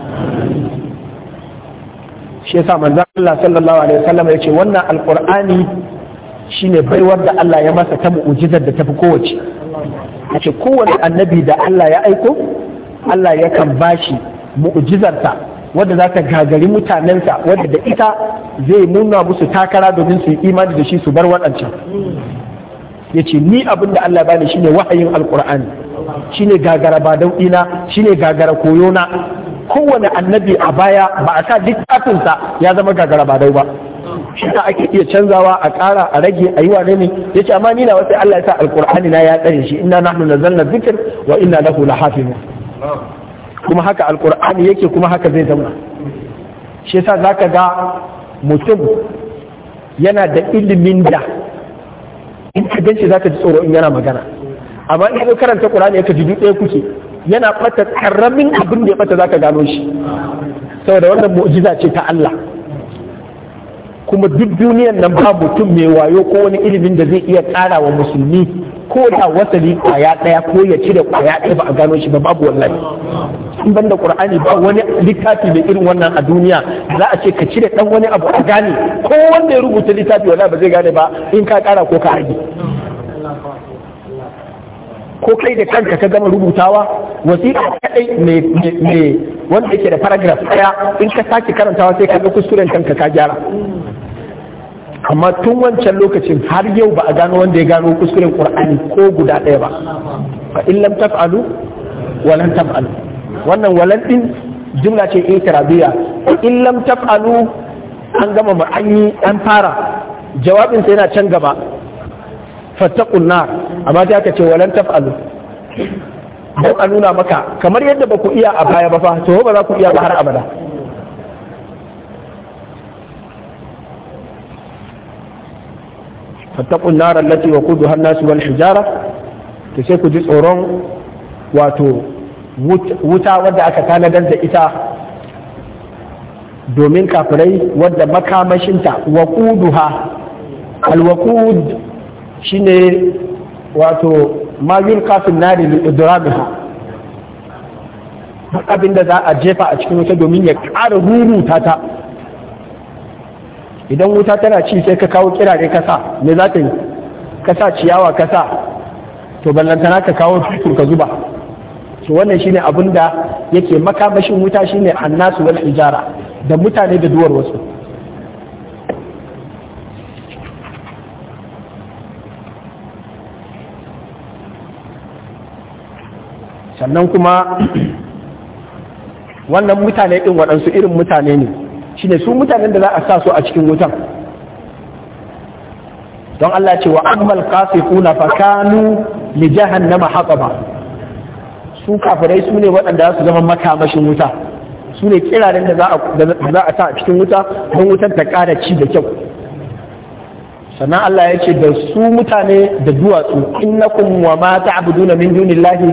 shi yasa manzon Allah sallallahu alaihi wasallam ya ce wannan alqur'ani shine baiwar da Allah ya masa ta mu'jizar da tafi kowace yace kowane annabi da Allah ya aiko Allah yakan bashi mu'jizarta wadda za ta gagari mutanensa wadda da ita zai nuna musu takara domin su yi imani da shi su bar waɗancan ya ce ni abin da Allah bani shine wahayin alkur'ani shine gagara ba shi shine gagara koyona kowane annabi a baya ba a sa littafinsa ya zama gagara ba ba shi ta ake iya canzawa a ƙara a rage a yi wane ne ya ce amma nina wasu Allah ya sa alkur'ani na ya tsare shi inna nahnu nazzalna zikir wa inna lahu lahafizun kuma haka alkur'ani yake kuma haka zai zauna shi yasa zaka ga mutum yana da ilimin da in ka ganshi zaka ji tsoro in yana magana amma in ka karanta qur'ani yake ji ɗaya kuke yana bata karamin abin da ya bata zaka gano shi saboda wannan mu'ujiza ce ta Allah kuma duk duniyar nan ba mutum mai wayo ko wani ilimin da zai iya ƙara wa musulmi ko da wasali kwaya ɗaya ko ya cire kwaya ɗaya ba a gano shi ba babu wallahi in banda qur'ani ba wani littafi mai irin wannan a duniya za a ce ka cire dan wani abu a gane ko wanda ya rubuta littafi wallahi ba zai gane ba in ka ƙara ko ka rage ko kai da kanka ka gama rubutawa wasiƙa kadai mai wanda yake da paragraph ɗaya in ka sake karantawa sai ka ga kuskuren kanka ka gyara amma tun wancan lokacin har yau ba a gano wanda ya gano kuskuren qur'ani ko guda ɗaya ba fa in lam taf'alu walan taf'alu wannan walan din jumla ce itirabiya in lam taf'alu an gama ma an yi an fara jawabin sai yana can gaba fattaqun nar amma ta aka ce walan taf'alu a nuna maka kamar yadda ba ku iya a baya ba fa to ba za ku iya ba har abada fattaqun nar allati waquduha an nasu wani hijara to sai ku ji tsoron wato wuta wadda aka tanadar da ita domin kafirai wadda makamashinta waquduha al-waqud shine wato ma yulqa fi an-nar li abin za a jefa a cikin wuta domin ya ƙara ta ta idan wuta tana ci sai ka kawo kirare kasa me za ta yi kasa ciyawa kasa to ballantana ka kawo fitur ka zuba to wannan shine abin da yake makamashin wuta shine annasu wal ijara da mutane da duwar wasu sannan kuma wannan mutane ɗin waɗansu irin mutane ne shine su mutanen da za a sa su a cikin wutan don Allah ce wa ammal qasifuna fa kanu li jahannama hataba su kafirai su ne waɗanda su zama makamashin wuta su ne kiraren da za a sa a cikin wuta don wutan ta ƙara ci da kyau sannan Allah ya ce da su mutane da duwatsu innakum wa ma ta'buduna min dunillahi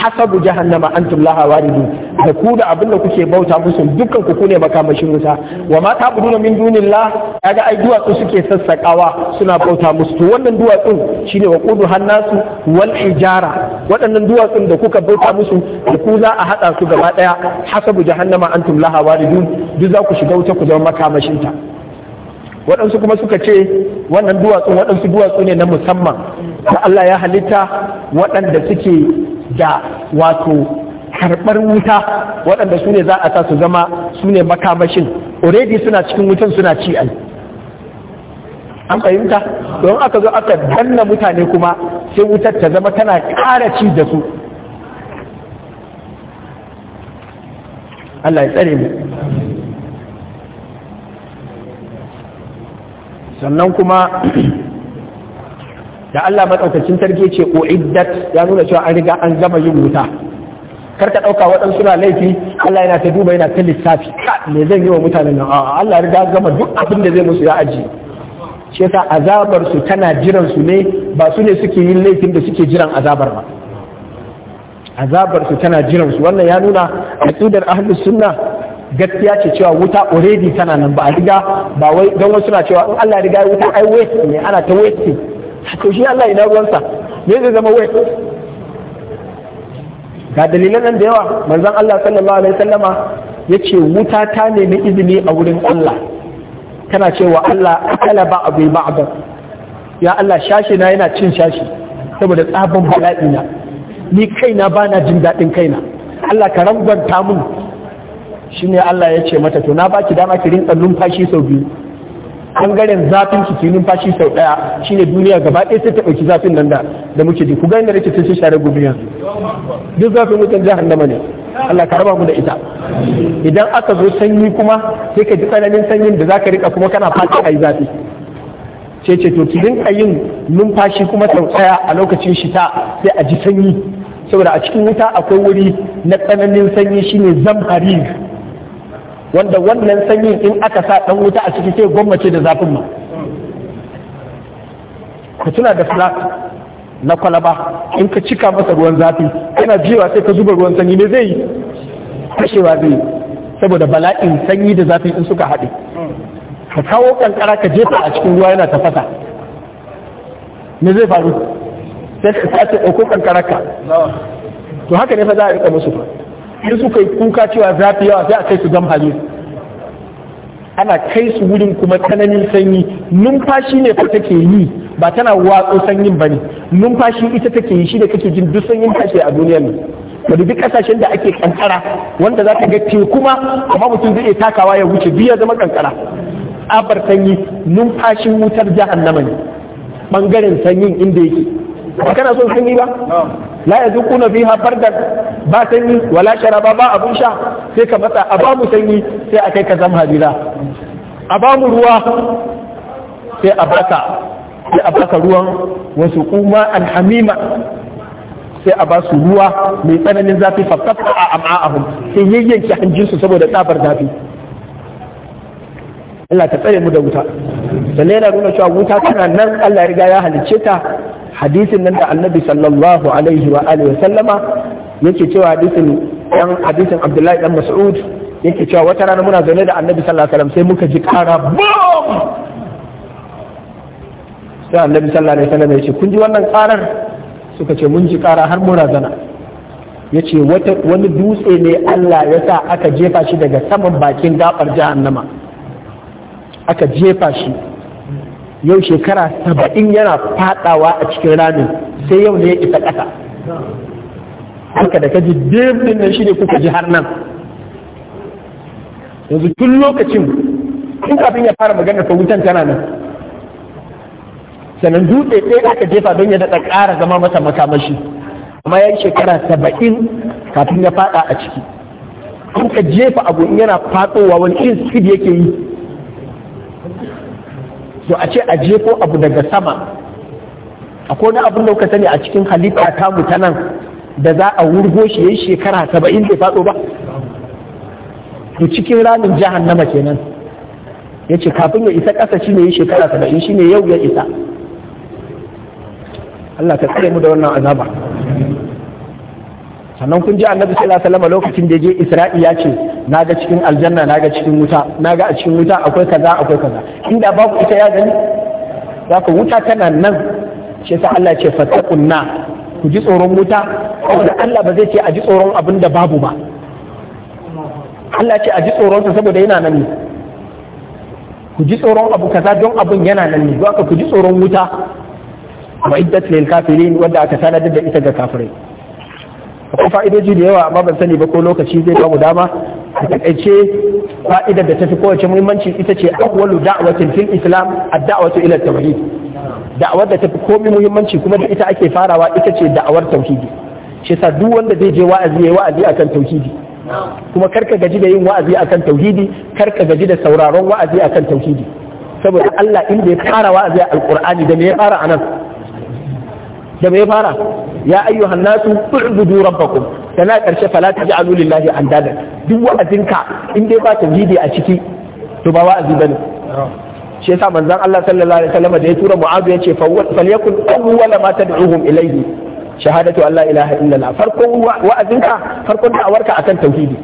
hasabu jahannama antum laha waridun da ku da abin da kuke bauta musu dukkan ku ne makamashin wuta wa ma ta'buduna min dunillah kaga ai duwatsu suke sassakawa suna bauta musu to wannan duwatsun shine wa qudu hannasu wal ijara waɗannan duwatsun da kuka bauta musu da ku za a hada su gaba daya hasabu jahannama antum laha waridun duk za ku shiga wuta ku zama makamashin ta waɗansu kuma suka ce wannan duwatsu waɗansu duwatsu ne na musamman da Allah ya halitta waɗanda suke da wato karɓar wuta waɗanda su ne za a sa su zama su ne makamashin already suna cikin wutan suna ci ai an fahimta don aka zo aka danna mutane kuma sai wutar ta zama tana ƙara ci da su Allah ya tsare mu sannan kuma da Allah maɗaukacin tarke ce ko iddat ya nuna cewa an riga an gama yin wuta kar ka ɗauka waɗansu na laifi Allah yana ta duba yana ta lissafi me zan yi wa mutanen nan a'a Allah riga gama duk abin da zai musu ya aji shi yasa azabar su tana jiran su ne ba su ne suke yin laifin da suke jiran azabar ba azabar su tana jiran su wannan ya nuna aqidar ahlus sunna gaskiya ce cewa wuta already tana nan ba a riga ba wai don wasu na cewa in Allah ya riga wuta ai waste ne ana ta waste to shi Allah ina ruwansa me zai zama waste ga dalilan nan da yawa manzon Allah sallallahu alaihi wasallama yace wuta ta nemi izini a wurin Allah tana cewa Allah akala ba abu ba'da ya Allah shashi na yana cin shashi saboda tsabin bala'i na ni kaina bana jin daɗin kaina Allah ka rangwanta mun ne Allah ya ce mata to na baki dama ki rinsa numfashi sau biyu bangaren zafin ki ki numfashi sau daya shine duniya gaba ɗaya sai ta ɗauki zafin nan da da muke ji ku ga inda nake sai share gumiya duk zafin wutan jahannama ne Allah ka raba mu da ita idan aka zo sanyi kuma sai ka ji tsananin sanyin da zaka rika kuma kana fata ai zafi sai ce to ki rinka yin numfashi kuma sau daya a lokacin shita sai a ji sanyi saboda a cikin wuta akwai wuri na tsananin sanyi shine zamharir wanda wannan sanyin in aka sa dan wuta a ciki sai gwammace da zafin ma ku tuna da flask na kwalaba in ka cika masa ruwan zafi yana jiwa sai ka zuba ruwan sanyi ne zai yi fashewa zai yi saboda bala'in sanyi da zafi in suka haɗe ka kawo kankara ka jefa a cikin ruwa yana tafasa me zai faru sai ka sace ɗauko ƙanƙararka? to haka ne fa za a riƙa musu fa in suka yi kuka cewa zafi yawa sai a kai su gam hali? ana kai su wurin kuma tsananin sanyi numfashi ne fa take yi ba tana watsu sanyin ba ne numfashi ita take yi shi da kake jin duk sanyin tashi a duniya ne da duk kasashen da ake kankara wanda za ta ga kuma ma amma mutum zai iya takawa ya wuce biya zama kankara abar sanyi numfashin wutar jahannama ne bangaren sanyin inda yake kana son sanyi ba la yazuquna fiha bardan ba sanyi wala sharaba ba abun sha sai ka matsa a bamu sanyi sai a kai ka zama hadira a bamu ruwa sai a baka sai a baka ruwan wasu kuma alhamima sai a ba su ruwa mai tsananin zafi fafafa a am'a'ahum sai yayyanke hanjinsu saboda tsabar zafi Allah ta tsare mu da wuta sannan yana nuna cewa wuta tana nan Allah ya riga ya halicce ta hadisin nan da annabi sallallahu alaihi wa alihi wa sallama yake cewa hadisin dan hadisin abdullahi dan mas'ud yake cewa wata rana muna zaune da annabi sallallahu alaihi sai muka ji kara bom sai annabi sallallahu alaihi wasallam ya kun ji wannan karar suka ce mun ji kara har mun zana yace wata wani dutse ne Allah ya sa aka jefa shi daga saman bakin gabar jahannama aka jefa shi yau shekara saba'in yana fadawa a cikin ramin sai yau ne ya isa ƙasa haka da kaji dirbin nan shi ne kuka ji har nan yanzu tun lokacin tun kafin ya fara magana ta wutan tana nan sannan dutse ɗaya aka jefa don ya daɗa ƙara zama masa makamashi amma ya yi shekara saba'in kafin ya faɗa a ciki kun ka jefa abu in yana fadowa wani irin speed yake yi to a ce a jefo abu daga sama akwai wani abin da kuka sani a cikin halitta ta mu ta nan da za a wurgo shi yi shekara saba'in bai faɗo ba to cikin ramin jahannama kenan ya ce kafin ya isa ƙasa shi ne yi shekara saba'in shi ne yau ya isa Allah ka tsare mu da wannan azaba sannan kun ji annabi sallallahu alaihi wasallam lokacin da je isra'i ya ce ga cikin aljanna na ga cikin wuta naga a cikin wuta akwai kaza akwai kaza inda babu ita ya gani ka wuta tana nan shi yasa Allah ce fattaqun kunna ku ji tsoron wuta saboda Allah ba zai ce a ji tsoron abin da babu ba Allah ce a ji tsoronsa saboda yana nan ne ku ji tsoron abu kaza don abin yana nan ne don ka ku ji tsoron wuta wa iddat lil kafirin wanda aka tanadar da ita ga kafirai akwai fa'idoji da yawa amma ban sani ba ko lokaci zai bamu dama a takaice fa'idar da tafi kowace muhimmanci ita ce awwalu da'watin fil islam ad-da'watu ila tauhid da'awar da tafi komai muhimmanci kuma da ita ake farawa ita ce da'awar tauhidi shi yasa duk wanda zai je wa'azi yayi wa'azi akan tauhidi kuma karka gaji da yin wa'azi akan tauhidi karka gaji da sauraron wa'azi akan tauhidi saboda Allah inda ya fara wa'azi a alqur'ani da me ya fara anan da me fara ya ayyuhan nasu ubudu rabbakum kana karshe fala taj'alu lillahi andada duk wa'azinka in dai ba tauhidi a ciki to ba wa'azi bane shi yasa manzon Allah sallallahu alaihi wasallam da ya tura Mu'adh ya ce falyakun awwala ma tad'uhum ilayhi shahadatu an la ilaha illallah farkon wa'azinka farkon da'awarka akan tauhidi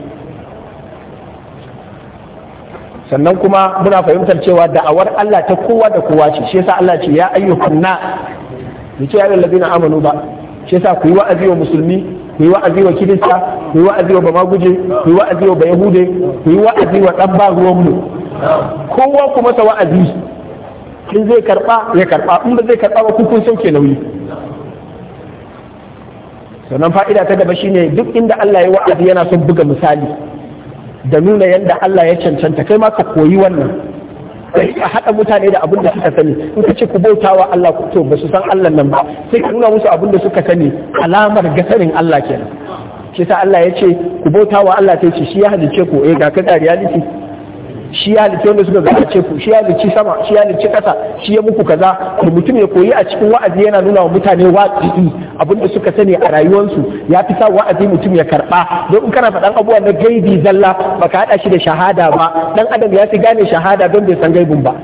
sannan kuma muna fahimtar cewa da'awar Allah ta kowa da kowa ce shi yasa Allah ce ya ayyukan na bai ce ya lalabi na amanu ba shi yasa ku yi wa'azi wa musulmi ku yi wa'azi wa kirista ku yi wa'azi wa bamaguje ku yi wa'azi wa bayahude ku yi wa'azi wa ɗan ba ruwanmu kowa ku masa wa'azi in zai karɓa ya karɓa in ba zai karba ba kun sauke nauyi sannan fa'ida ta gaba shine duk inda Allah ya wa'azi yana son buga misali da nuna yadda Allah ya cancanta kai ma ka koyi wannan ka haɗa mutane da abin da suka sani in ka ce ku bauta wa Allah ku to ba su san Allah nan ba sai ka nuna musu abin da suka sani alamar gasarin Allah kenan shi sa Allah ya ce ku bauta wa Allah sai ce shi ya halice ku eh ga ka ga reality shi ya halicci wanda suka ce ku shi ya halicci sama shi ya halicci kasa shi ya muku kaza to mutum ya koyi a cikin wa'azi yana nuna wa mutane abin da suka sani a rayuwarsu ya fi sa wa'azi mutum ya karɓa don in kana faɗan abubuwa na gaibi zalla baka haɗa shi da shahada ba dan adam ya fi gane shahada don bai san gaibin ba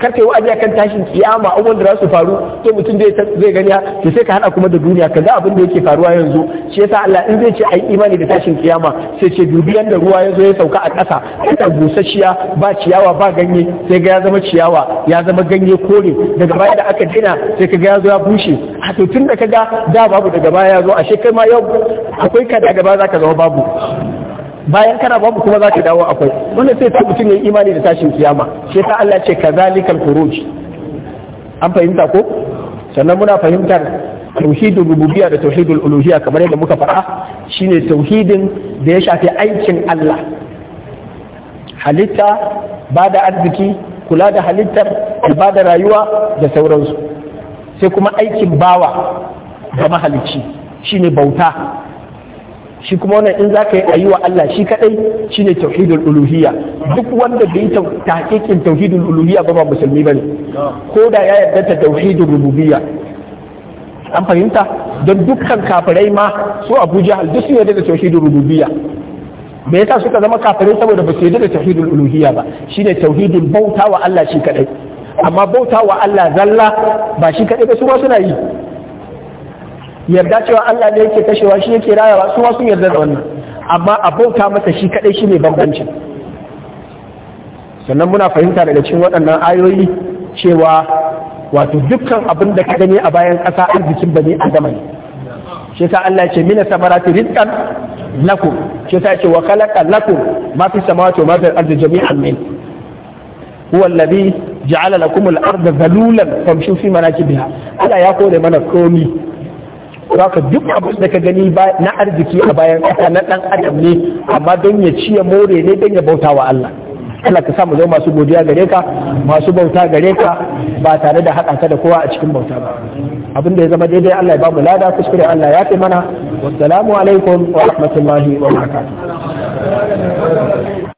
kar wa wa'azi akan tashin kiyama abubuwan da za su faru to mutum zai zai gani sai ka hada kuma da duniya kaga abin da yake faruwa yanzu shi yasa Allah in zai ce ai imani da tashin kiyama sai ce dubi da ruwa ya zo ya sauka a ƙasa yanda busasshiya ba ciyawa ba ganye sai ga ya zama ciyawa ya zama ganye kore daga baya da aka dina sai ka ya zo ya bushe a to tun da ka ga da babu daga baya ya zo ashe kai ma yau akwai ka daga baya zaka zama babu bayan kana babu kuma za ka dawo akwai wanda sai ta mutum ya imani da tashin kiyama shi ta Allah ce ka kazalikal khuruj an fahimta ko sannan muna fahimtar tauhidul rububiyya da tauhidul uluhiyya kamar yadda muka faɗa shine tauhidin da ya shafi aikin Allah halitta ba da arziki kula da halittar ba da rayuwa da sauransu sai kuma aikin bawa ga mahalicci shine bauta shi kuma wannan in zaka yi ayi wa Allah shi kadai shine tauhidul uluhiyya duk wanda bai tahqiqin tauhidul uluhiyya ba ba musulmi bane ko da ya yarda ta tauhidul rububiyya an fahimta don dukkan kafirai ma su Abuja Jahal duk sun yarda da tauhidul rububiyya me yasa suka zama kafirai saboda ba su yarda da tauhidul uluhiyya ba shine tauhidul bauta wa Allah shi kadai amma bauta wa Allah zalla ba shi kadai ba su ma suna yi yarda cewa Allah ne yake kashewa shi yake rayawa su sun yarda da wannan amma a bauta masa shi kadai ne bambancin sannan muna fahimta daga cikin waɗannan ayoyi cewa wato dukkan abin da ka gani a bayan ƙasa arzikin bani adama ne shi sa Allah ce mina samarati rizqan lakum shi sa ce wa khalaqa lakum ma fi samawati wa ma fi al-ardi jami'an min huwa alladhi ja'ala lakum al-arda dhalulan famshu fi manakibiha Allah ya kore mana komi zaka duk abin da ka gani na arziki a bayan ƙasa na ɗan adam ne amma don ya ciye more ne don ya bauta wa Allah Allah ka samu zama masu godiya gare ka masu bauta gare ka ba tare da haɗa ka da kowa a cikin bauta ba abin da ya zama daidai Allah ya ba mu lada kuskure Allah ya fi mana wassalamu alaikum wa rahmatullahi wa barakatuh